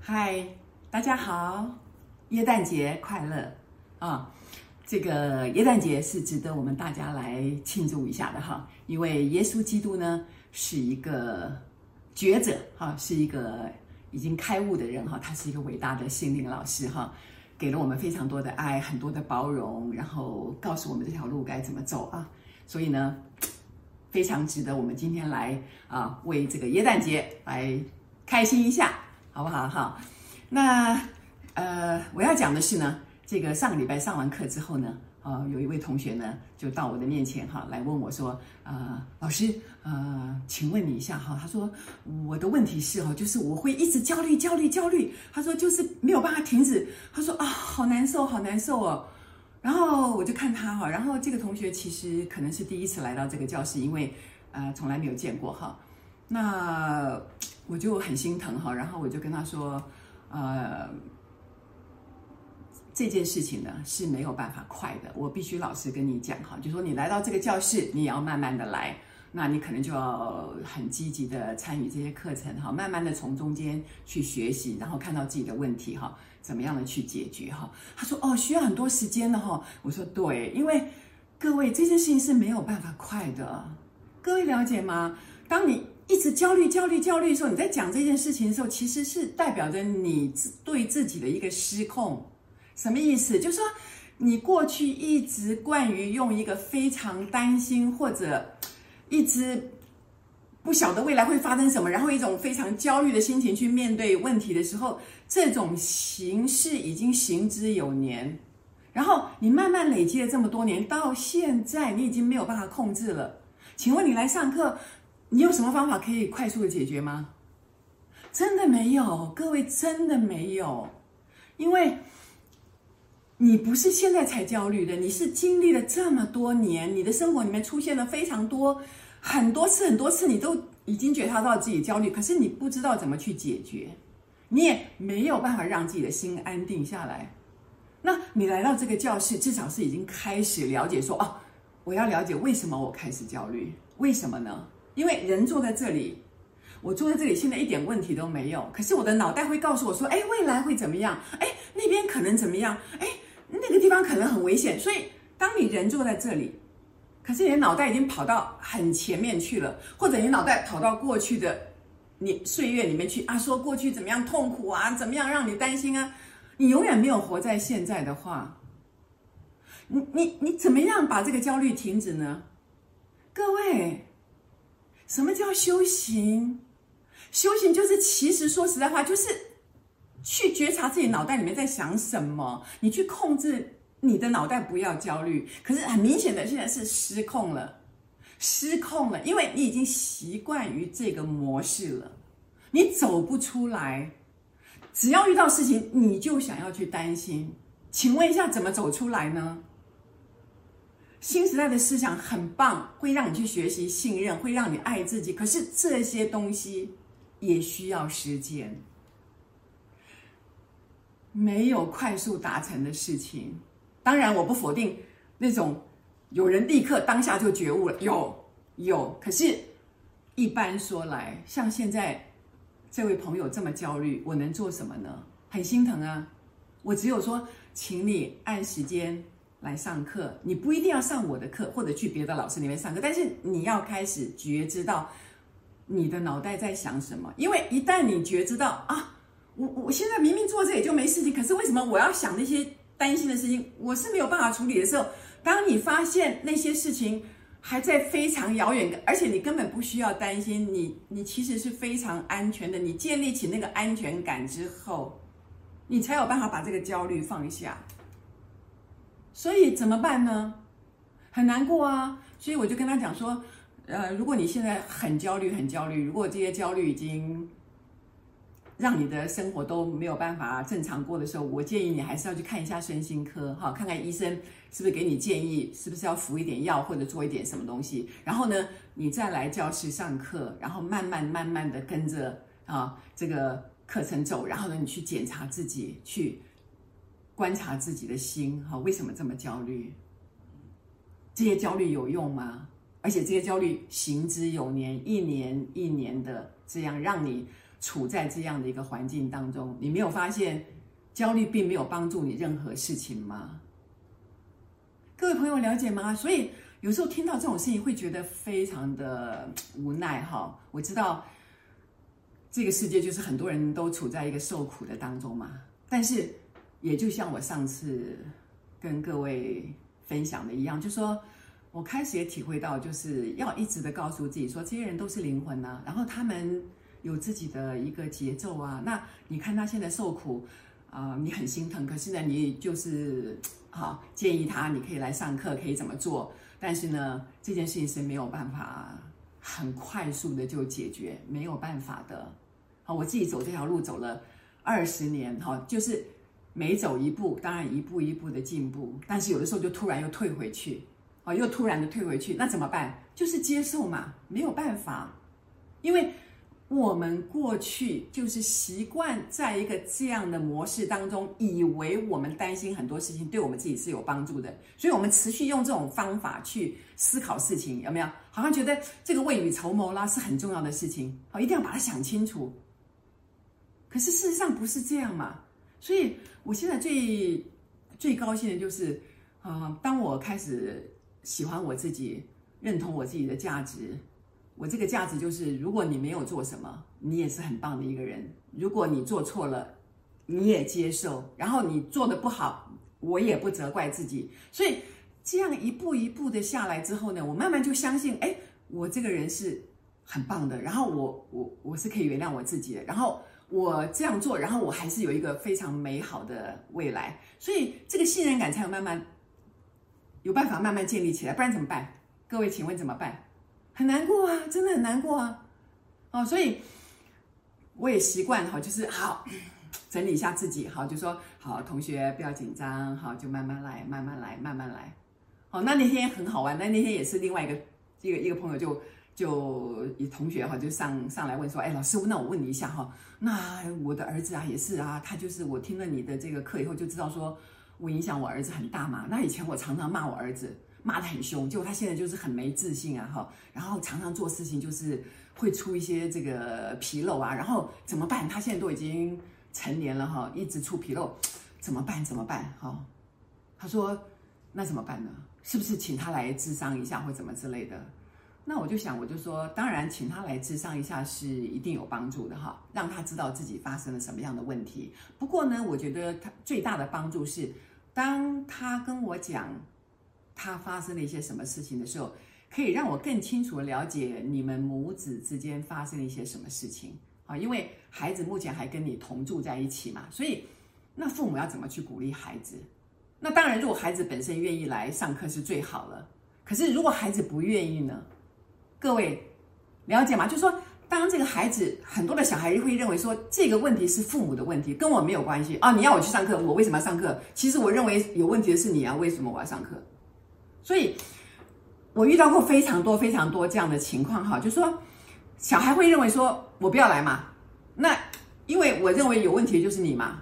嗨，大家好！耶誕節快樂啊！這個耶誕節是值得我們大家來慶祝一下的哈、啊，因為耶穌基督呢是一個覺者哈、啊，是一個已經開悟的人哈、啊，他是一個偉大的心靈老師哈。啊給了我們非常多的愛，很多的包容，然後告訴我們這條路該怎麼走啊！所以呢，非常值得我們今天來啊，為這個耶誕節來開心一下，好不好哈？那呃，我要講的是呢，這個上個禮拜上完課之後呢。啊，有一位同學呢，就到我的面前哈，來問我說：“啊，老師，啊，請問你一下哈。”他說：“我的問題是哈，就是我會一直焦慮，焦慮，焦慮。”他說：“就是沒有辦法停止。”他說：“啊，好難受，好難受哦。”然後我就看他哈，然後這個同學其實可能是第一次來到這個教室，因為呃，從來沒有見過哈。那我就很心疼哈，然後我就跟他說：“呃。”這件事情呢，是沒有辦法快的，我必須老實跟你講哈，就是說你來到這個教室，你也要慢慢的來，那你可能就要很積極的參與這些課程哈，慢慢的從中間去學習，然後看到自己的問題哈，怎麼樣的去解決哈。他說哦，需要很多時間的哈。我說對，因為各位這件事情是沒有辦法快的，各位了解嗎？當你一直焦慮、焦慮、焦慮的時候，你在講這件事情的時候，其實是代表着你對自己的一個失控。什麼意思？就是說，你過去一直慣於用一個非常擔心或者一直不曉得未來會發生什麼，然後一種非常焦慮的心情去面對問題的時候，這種形式已經行之有年。然後你慢慢累積了這麼多年，到現在你已經沒有辦法控制了。請問你來上課，你有什麼方法可以快速的解決嗎？真的沒有，各位真的沒有，因為。你不是現在才焦慮的，你是經歷了這麼多年，你的生活裡面出現了非常多、很多次、很多次，你都已經覺察到自己焦慮，可是你不知道怎麼去解決，你也沒有辦法讓自己的心安定下來。那你來到這個教室，至少是已經開始了解說：哦、啊，我要了解為什麼我開始焦慮？為什麼呢？因為人坐在這裡，我坐在這裡，現在一點問題都沒有，可是我的腦袋會告訴我說：哎，未來會怎麼樣？哎，那邊可能怎麼樣？哎。那個地方可能很危險，所以當你人坐在這裡，可是你的腦袋已經跑到很前面去了，或者你腦袋跑到過去的你歲月裡面去啊，說過去怎麼樣痛苦啊，怎麼樣讓你擔心啊，你永遠沒有活在現在的話，你你你怎麼樣把這個焦慮停止呢？各位，什麼叫修行？修行就是，其實說實在話就是。去覺察自己腦袋裡面在想什麼，你去控制你的腦袋，不要焦慮。可是很明顯的，現在是失控了，失控了，因為你已經習慣於這個模式了，你走不出來。只要遇到事情，你就想要去擔心。請問一下，怎麼走出來呢？新時代的思想很棒，會讓你去學習信任，會讓你愛自己。可是這些東西也需要時間。沒有快速達成的事情，當然我不否定那種有人立刻當下就覺悟了，有有。可是，一般說來，像現在這位朋友這麼焦慮，我能做什麼呢？很心疼啊！我只有說，請你按時間來上課，你不一定要上我的課，或者去別的老師那邊上課，但是你要開始覺知到你的腦袋在想什麼，因為一旦你覺知到啊。我我現在明明坐這也就沒事情，可是為什麼我要想那些擔心的事情？我是沒有辦法處理的時候。當你發現那些事情還在非常遙遠，而且你根本不需要擔心，你你其實是非常安全的。你建立起那個安全感之後，你才有辦法把這個焦慮放下。所以怎麼辦呢？很難過啊。所以我就跟他講說，呃，如果你現在很焦慮，很焦慮，如果這些焦慮已經。讓你的生活都沒有辦法正常過的時候，我建議你還是要去看一下身心科哈，看看醫生是不是給你建議，是不是要服一點藥或者做一點什麼東西。然後呢，你再來教室上課，然後慢慢慢慢地跟着啊這個課程走。然後呢，你去檢查自己，去觀察自己的心哈，為什麼這麼焦慮？這些焦慮有用嗎？而且這些焦慮行之有年，一年一年的這樣讓你。處在這樣的一個環境當中，你沒有發現焦慮並沒有幫助你任何事情嗎？各位朋友，了解嗎？所以有時候聽到這種事情，會覺得非常的無奈哈。我知道這個世界就是很多人都處在一個受苦的當中嘛。但是也就像我上次跟各位分享的一樣，就說我開始也體會到，就是要一直的告訴自己說，這些人都是靈魂吶、啊，然後他們。有自己的一個節奏啊，那你看他現在受苦，啊、呃，你很心疼。可是呢，你就是啊，建議他你可以來上課，可以怎麼做？但是呢，這件事情是沒有辦法很快速的就解決，沒有辦法的。啊，我自己走這條路走了二十年，哈，就是每走一步，當然一步一步的進步，但是有的時候就突然又退回去，啊，又突然的退回去，那怎麼辦？就是接受嘛，沒有辦法，因為。我們過去就是習慣在一個這樣的模式當中，以為我們擔心很多事情對我們自己是有幫助的，所以我們持續用這種方法去思考事情，有沒有？好像覺得這個未雨綢繆啦是很重要的事情，好，一定要把它想清楚。可是事實上不是這樣嘛，所以我現在最最高興的就是，啊、呃，當我開始喜歡我自己，認同我自己的價值。我這個價值就是，如果你沒有做什麼，你也是很棒的一個人；如果你做錯了，你也接受；然後你做得不好，我也不責怪自己。所以這樣一步一步的下來之後呢，我慢慢就相信，哎，我這個人是很棒的。然後我我我是可以原諒我自己的。然後我這樣做，然後我還是有一個非常美好的未來。所以這個信任感才有慢慢有辦法慢慢建立起來，不然怎麼辦？各位，請問怎麼辦？很難過啊，真的很難過啊，哦，所以我也習慣哈，就是好整理一下自己哈，就說好，同學不要緊張哈，就慢慢來，慢慢來，慢慢來。哦，那那天很好玩，那那天也是另外一個一個一個朋友就就同學哈，就上上來問說，哎，老師，那我問你一下哈，那我的兒子啊也是啊，他就是我聽了你的這個課以後就知道說，我影響我兒子很大嘛，那以前我常常罵我兒子。罵得很兇，結果他現在就是很沒自信啊，哈，然後常常做事情就是會出一些這個紕漏啊，然後怎麼辦？他現在都已經成年了哈，一直出紕漏，怎麼辦？怎麼辦？哈、哦，他說那怎麼辦呢？是不是請他來諮商一下，或怎麼之類的？那我就想，我就說，當然請他來諮商一下是一定有幫助的哈，讓他知道自己發生了什麼樣的問題。不過呢，我覺得他最大的幫助是當他跟我講。他發生了一些什麼事情的時候，可以讓我更清楚了解你們母子之間發生了一些什麼事情啊？因為孩子目前還跟你同住在一起嘛，所以那父母要怎麼去鼓勵孩子？那當然，如果孩子本身願意來上課是最好了。可是如果孩子不願意呢？各位了解嗎？就是說，當這個孩子，很多的小孩會認為說，這個問題是父母的問題，跟我沒有關係啊！你要我去上課，我為什麼要上課？其實我認為有問題的是你啊，為什麼我要上課？所以，我遇到過非常多非常多這樣的情況哈，就是說，小孩會認為說，我不要來嘛，那因為我認為有問題就是你嘛，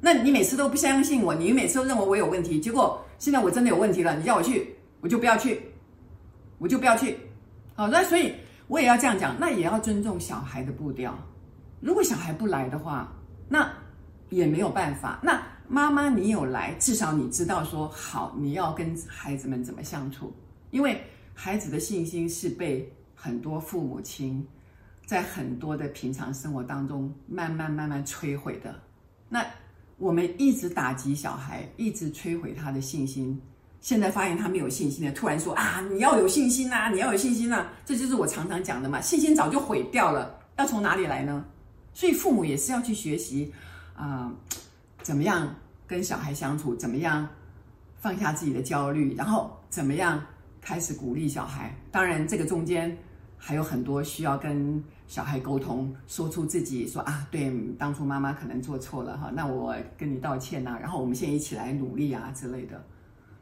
那你每次都不相信我，你每次都認為我有問題，結果現在我真的有問題了，你叫我去，我就不要去，我就不要去，好，那所以我也要這樣講，那也要尊重小孩的步調，如果小孩不來的話，那也沒有辦法，那。媽媽，你有來，至少你知道說好，你要跟孩子們怎麼相處？因為孩子的信心是被很多父母親，在很多的平常生活當中慢慢慢慢摧毀的。那我們一直打擊小孩，一直摧毀他的信心，現在發現他沒有信心了，突然說啊，你要有信心吶、啊，你要有信心吶、啊，這就是我常常講的嘛，信心早就毀掉了，要從哪裡來呢？所以父母也是要去學習啊。呃怎麼樣跟小孩相處？怎麼樣放下自己的焦慮？然後怎麼樣開始鼓勵小孩？當然，這個中間還有很多需要跟小孩溝通，說出自己說啊，對，當初媽媽可能做錯了哈，那我跟你道歉吶、啊。然後我們現在一起來努力啊之類的。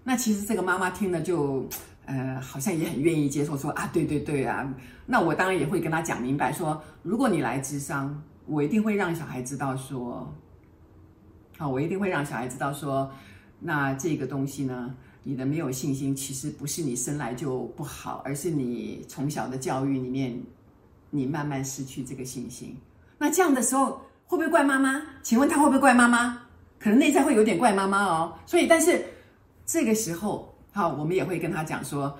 那其實這個媽媽聽了就，呃，好像也很願意接受說，說啊，對對對啊。那我當然也會跟她講明白說，說如果你來諮商，我一定會讓小孩知道說。好，我一定會讓小孩知道說，那這個東西呢，你的沒有信心，其實不是你生來就不好，而是你從小的教育裡面，你慢慢失去這個信心。那這樣的時候會不會怪媽媽？請問他會不會怪媽媽？可能內在會有點怪媽媽哦。所以，但是這個時候，好，我們也會跟他講說，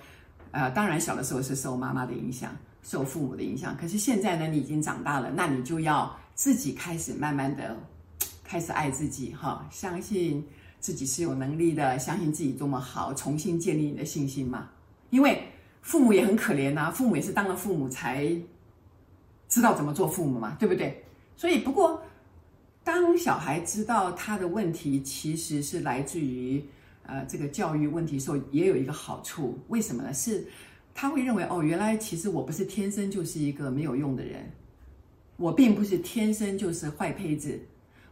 呃，當然小的時候是受媽媽的影響，受父母的影響。可是現在呢，你已經長大了，那你就要自己開始慢慢的。開始愛自己哈，相信自己是有能力的，相信自己多麼好，重新建立你的信心嘛。因為父母也很可憐吶、啊，父母也是當了父母才知道怎麼做父母嘛，對不對？所以，不過當小孩知道他的問題其實是來自於呃這個教育問題的時候，也有一個好處，為什麼呢？是他會認為哦，原來其實我不是天生就是一個沒有用的人，我並不是天生就是壞胚子。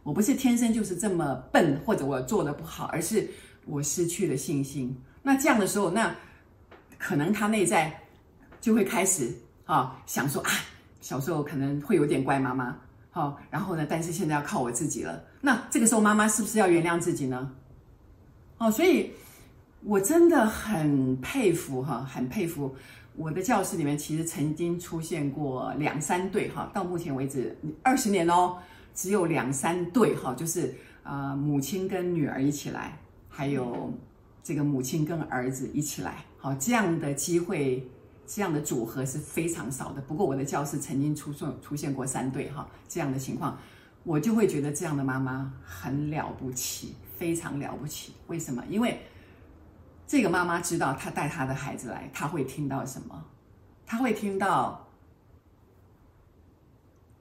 我不是天生就是這麼笨，或者我做得不好，而是我失去了信心。那這樣的時候，那可能他內在就會開始啊、哦，想說啊，小時候可能會有點怪媽媽，好、哦，然後呢，但是現在要靠我自己了。那這個時候，媽媽是不是要原諒自己呢？哦，所以我真的很佩服哈，很佩服我的教室裡面其實曾經出現過兩三對哈，到目前為止二十年哦。只有兩三對哈，就是呃母親跟女兒一起來，還有這個母親跟兒子一起來，好，這樣的機會，這樣的組合是非常少的。不過我的教室曾經出出現過三對哈，這樣的情況，我就會覺得這樣的媽媽很了不起，非常了不起。為什麼？因為這個媽媽知道她帶她的孩子來，她會聽到什麼？她會聽到。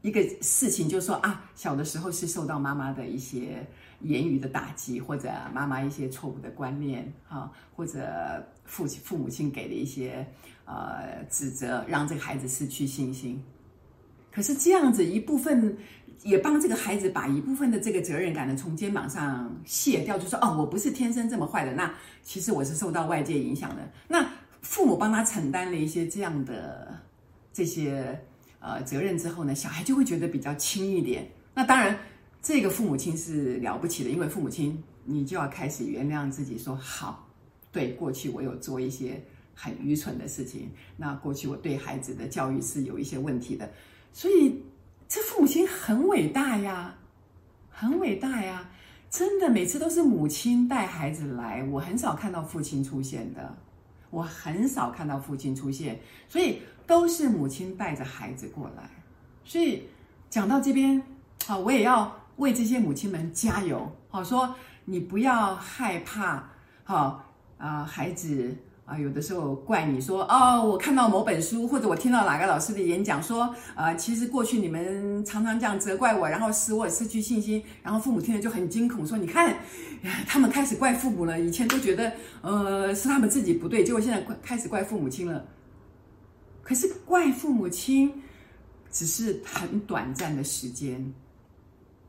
一個事情就是說啊，小的時候是受到媽媽的一些言語的打擊，或者媽媽一些錯誤的觀念，哈、啊，或者父親父母親給的一些呃指責，讓這個孩子失去信心。可是這樣子一部分也幫這個孩子把一部分的這個責任感呢從肩膀上卸掉，就是說哦，我不是天生這麼壞的，那其實我是受到外界影響的。那父母幫他承擔了一些這樣的這些。呃，責任之後呢，小孩就會覺得比較輕一點。那當然，這個父母親是了不起的，因為父母親你就要開始原諒自己說，說好，對，過去我有做一些很愚蠢的事情，那過去我對孩子的教育是有一些問題的，所以這父母親很偉大呀，很偉大呀，真的每次都是母親帶孩子來，我很少看到父親出現的。我很少看到父親出現，所以都是母親帶着孩子過來。所以講到這邊，啊，我也要為這些母親們加油，好，說你不要害怕，啊，孩子。啊，有的時候怪你說，哦，我看到某本書，或者我聽到哪個老師的演講，說，呃，其實過去你們常常這樣責怪我，然後使我失去信心，然後父母聽了就很驚恐，說，你看，他們開始怪父母了，以前都覺得，呃，是他們自己不對，結果現在開始怪父母親了。可是怪父母親，只是很短暫的時間，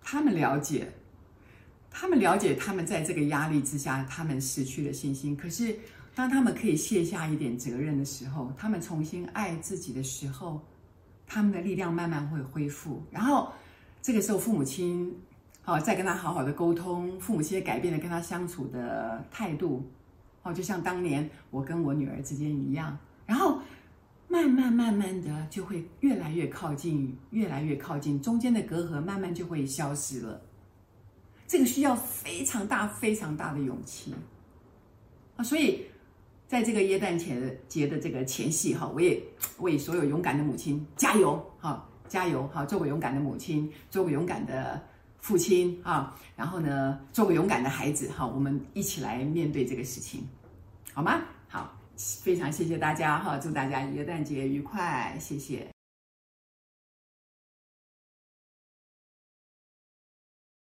他們了解，他們了解，他們在這個壓力之下，他們失去了信心，可是。當他們可以卸下一點責任的時候，他們重新愛自己的時候，他們的力量慢慢會恢復。然後，這個時候父母親，哦，再跟他好好的溝通，父母親也改變了跟他相處的態度，哦，就像當年我跟我女兒之間一樣。然後，慢慢慢慢的就會越來越靠近，越來越靠近，中間的隔閡慢慢就會消失了。這個需要非常大、非常大的勇氣啊！所以。在這個耶誕節的這個前夕哈，我也為所有勇敢的母親加油哈，加油哈，做個勇敢的母親，做個勇敢的父親哈，然後呢，做個勇敢的孩子哈，我們一起來面對這個事情，好嗎？好，非常謝謝大家哈，祝大家元旦節愉快，謝謝。